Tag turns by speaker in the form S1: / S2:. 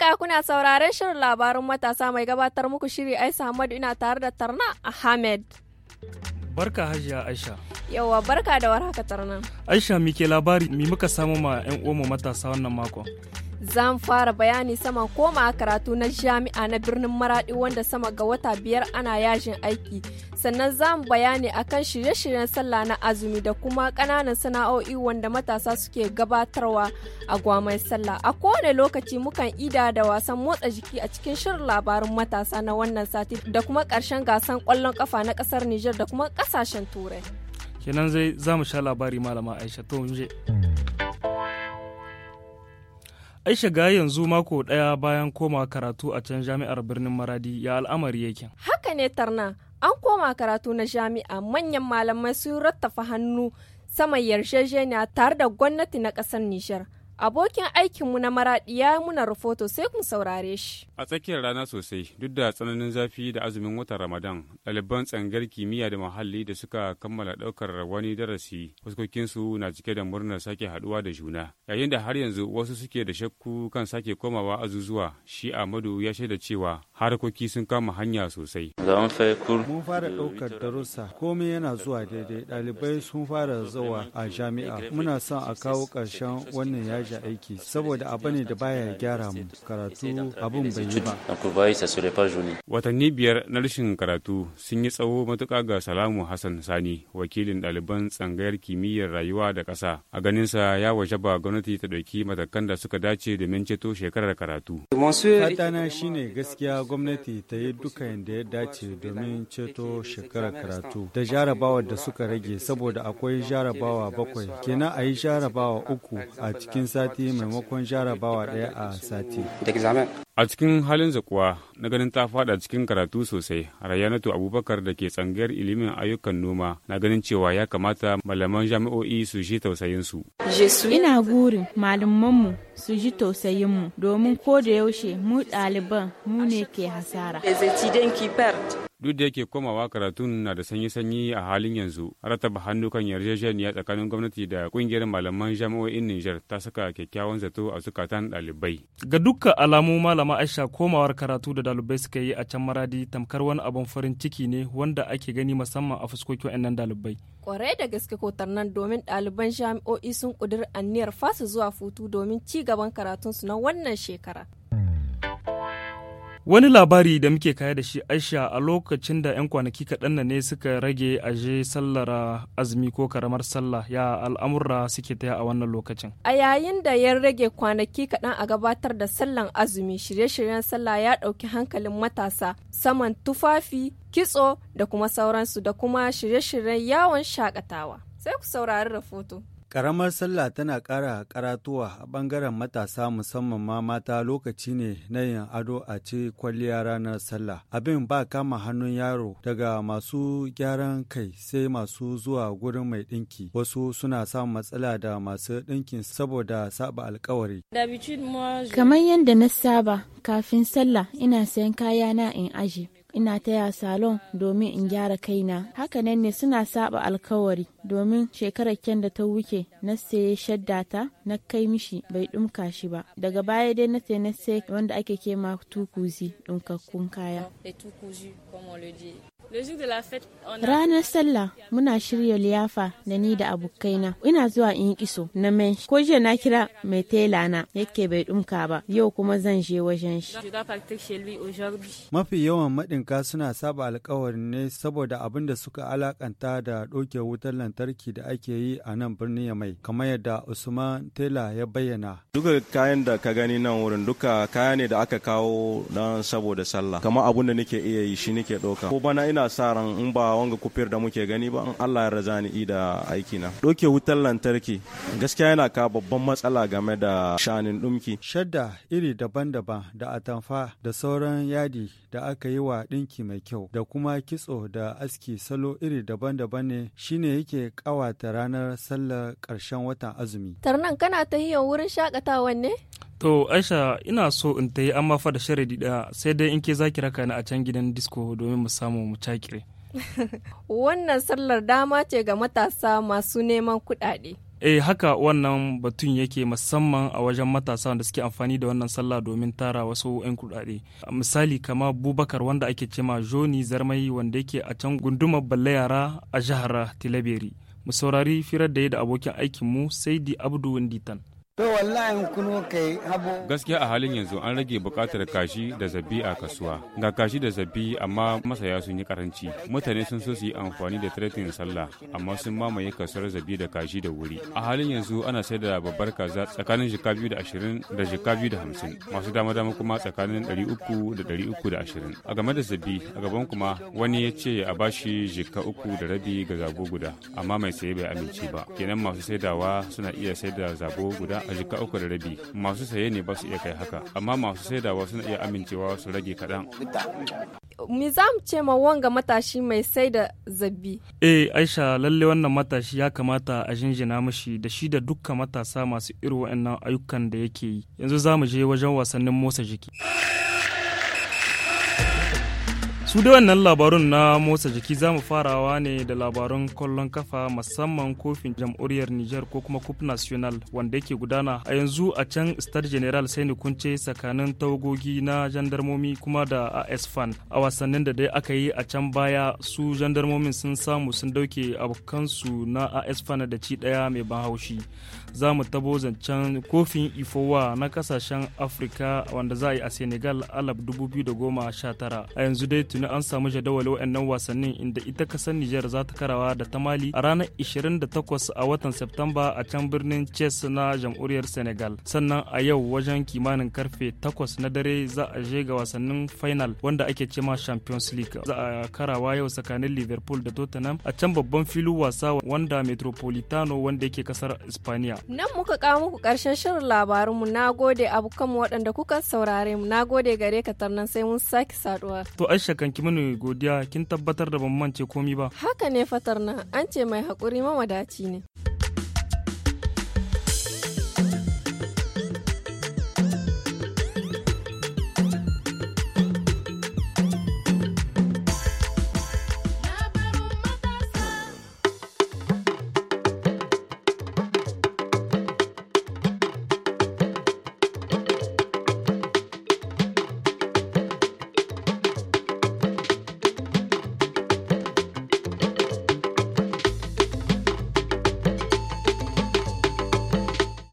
S1: haka kuna sauraron shirin labarin matasa mai gabatar muku shiri Aisha Hamadu ina tare da Tarna Ahmed.
S2: Barka Hajiya Aisha.
S1: Yawwa barka da warhaka Tarna.
S2: Aisha muke labari mi muka samu ma 'yan uwanmu matasa wannan makon.
S1: za mu fara bayani sama koma karatu na jami'a na birnin maraɗi wanda sama ga wata biyar ana yajin aiki sannan za mu bayani akan shirye-shiryen sallah na azumi da kuma ƙananan sana'o'i wanda matasa suke gabatarwa a gwamai sallah a kowane lokaci mukan ida da wasan motsa jiki a cikin shirin labarin matasa na wannan sati da kuma ƙarshen gasan ƙwallon ƙafa na ƙasar Nijar da kuma ƙasashen turai
S2: kenan zai za mu sha labari malama aisha to Ai shiga yanzu mako ɗaya bayan koma karatu a can jami'ar birnin Maradi ya al'amari yake.
S1: Haka ne tarna, an koma karatu na jami'a manyan malamai sun rattafa hannu sama yarjejeniya tare da gwamnati na ƙasar Nijar. Abokin aikinmu na maraɗi ya muna rufoto sai kun saurare shi.
S3: A tsakiyar rana sosai duk da tsananin zafi da azumin watan Ramadan, ɗaliban tsangar kimiyya da muhalli da suka kammala ɗaukar wani darasi fuskokinsu na cike da murnar sake haɗuwa da juna. Yayin da har yanzu wasu suke da shakku kan sake komawa azuzuwa, shi Ahmadu ya shaida cewa harkoki sun kama hanya sosai. Mun
S4: fara ɗaukar darussa, komai yana zuwa daidai, ɗalibai sun fara zawa a jami'a. Muna son a kawo ƙarshen wannan yaji aje aiki saboda abu ne da baya gyara mu karatu abun bai yi ba.
S3: Watanni biyar na rashin karatu sun yi tsawo matuƙa ga Salamu Hassan Sani wakilin ɗaliban tsangayar kimiyyar rayuwa da ƙasa a ganinsa ya waje ba gwamnati ta ɗauki matakan da suka dace domin ceto shekarar karatu. Fatana
S4: shine gaskiya gwamnati ta yi duka yadda ya dace domin ceto shekarar karatu da jarabawa da suka rage saboda akwai jarabawa bakwai kenan a yi jarabawa uku a cikin sati maimakon jarabawa ɗaya a sati.
S3: A cikin halin zakuwa na ganin ta fada cikin karatu sosai, Rayanatu Abubakar da ke tsangayar ilimin ayyukan noma na ganin cewa ya kamata malaman jami'o'i su ji tausayinsu.
S1: Ina gurin malamanmu su ji tausayinmu domin ko da yaushe mu ɗaliban mu ne ke hasara.
S3: duk da yake komawa karatun na da sanyi-sanyi a halin yanzu rataba hannu kan yarjejeniya tsakanin gwamnati da kungiyar malaman jami'o'in Nijar ta saka kyakkyawan zato a zukatan dalibai.
S2: Ga dukkan alamu malama Aisha komawar karatu da dalibai suka yi a can maradi tamkar wani abun farin ciki ne wanda ake gani musamman a fuskokin wannan dalibai.
S1: Kwarai da gaske kotar nan domin ɗaliban jami'o'i sun ƙudiri aniyar fasa zuwa futu domin ci gaban karatun su na wannan shekara.
S2: Wani labari da muke kaya da shi Aisha a lokacin da 'yan kwanaki kaɗan ne suka rage je sallar azumi ko karamar sallah ya al'amurra suke taya a wannan lokacin.
S1: A yayin da ya rage kwanaki kaɗan a gabatar da sallan azumi shirye-shiryen sallah ya ɗauki hankalin matasa saman tufafi, kitso da kuma sauransu da kuma shirye-shiryen yawon shakatawa. Sai ku saurari rahoto.
S4: Ƙaramar sallah tana ƙara karatuwa a ɓangaren matasa musamman ma mata lokaci ne na yin ado a ce kwalliya ranar sallah. Abin ba kama hannun yaro daga masu gyaran kai sai masu zuwa gurin mai ɗinki. Wasu suna samun matsala da masu ɗinkin saboda saba alkawari.
S1: Kamar yadda na saba kafin sallah ina sayan kayana in aji. ina taya salon domin in gyara kaina hakanan ne suna saba alkawari domin shekarar kyan da ta wuce na saye shadda ta na kai mishi bai dumka shi ba daga baya dai na sai na sai wanda ake kema tukuzi dumkakkun kaya Ranar sallah muna shirya liyafa da ni da abokaina. Ina zuwa in yi kiso na mai. Ko jiya na kira mai tela na yake bai dumka ba. Yau kuma zan je wajen shi.
S4: Mafi yawan maɗinka suna saba alkawarin ne saboda abin da suka alakanta da ɗauke wutar lantarki da ake yi a nan birnin mai, Kamar yadda Usman Tela ya bayyana. Duka kayan da ka gani nan wurin duka kaya ne da aka kawo don saboda sallah. Kamar abin da nake iya yi shi nake ɗauka. Ko bana ina sa ran in ba wanga kufir da muke gani ba in Allah ya raza ni da aiki na doke wutar lantarki gaskiya yana ka babban matsala game da shanin dumki shadda iri daban-daban da atamfa da sauran yadi da aka yi wa dinki mai kyau da kuma kitso da aski salo iri daban-daban ne shine yake kawata ranar sallar karshen watan azumi
S1: tarnan kana ta wurin shakatawan ne
S4: To Aisha ina so in ta yi amma fa da
S2: sharadi da sai dai in ke za ki raka ni a can gidan disco domin mu samu mu cakire.
S1: wannan sallar dama ce ga matasa masu neman kuɗaɗe.
S2: Eh haka wannan batun yake musamman a wajen matasa da suke amfani da wannan sallah domin tara wasu 'yan kuɗaɗe. Misali kama Bubakar wanda ake cema Joni Zarmai wanda yake a can gundumar balle yara a jihar Tilaberi. Mu saurari firar da ya da abokin aikinmu Saidi Abdu Winditan.
S4: To
S3: wallahi
S4: kuno kai habo.
S3: Gaskiya a halin yanzu an rage bukatar kashi da zabi a kasuwa. Ga kashi da zabi amma masaya sun yi karanci. Mutane sun so su yi amfani da tretin sallah amma sun mamaye kasuwar zabi da kashi da wuri. A halin yanzu ana sai da babbar kaza tsakanin jika biyu da ashirin da jika biyu da hamsin. Masu dama dama kuma tsakanin ɗari uku da ɗari uku da ashirin. A game da zabi a gaban kuma wani ya ce a ba shi jika uku da rabi ga zabo guda amma mai saye bai amince ba. Kenan masu saidawa suna iya saida zabo guda a jika uku da rabi masu saye ne ba su iya kai haka amma masu saidawa suna iya amincewa su rage kaɗan.
S1: Me za mu ce ma wanga matashi mai sai da zabi.
S2: Eh Aisha lalle wannan matashi ya kamata a jinjina mashi da shi da duka matasa masu irin waɗannan ayyukan da yake yi. Yanzu za mu je wajen wasannin motsa jiki. su da wannan labarun na motsa jiki za mu farawa ne da labarun kwallon kafa musamman kofin jam'uriyar niger ko kuma cup national wanda yake gudana a yanzu a can star general sai ni kunce tsakanin tawagogi na jandarmomi kuma da as fan a wasannin da dai aka yi a can baya su jandarmomin sun samu sun dauke abokansu na as fan da ci daya mai ban haushi za mu tabo zancen kofin ifowa na kasashen afirka wanda za a yi a senegal alab 2019 a yanzu dai Litinin an samu jadawalin waɗannan wasannin inda ita kasar niger za ta karawa da ta Mali a ranar 28 a watan Septamba a can birnin Chess na jamhuriyar Senegal. Sannan a yau wajen kimanin karfe 8 na dare za a je ga wasannin final wanda ake cema Champions League. Za a karawa yau tsakanin Liverpool da Tottenham a can babban filin wasa wanda Metropolitano wanda yake kasar Espanya. Nan
S1: muka kawo muku karshen shirin labarinmu na gode abokanmu waɗanda kuka saurare mu na gode gare ka tarnan sai mun sake saduwa.
S2: To Aisha kan ki mini godiya kin tabbatar da ban mance komi ba.
S1: Haka ne fatar na an ce mai haƙuri mawadaci ne.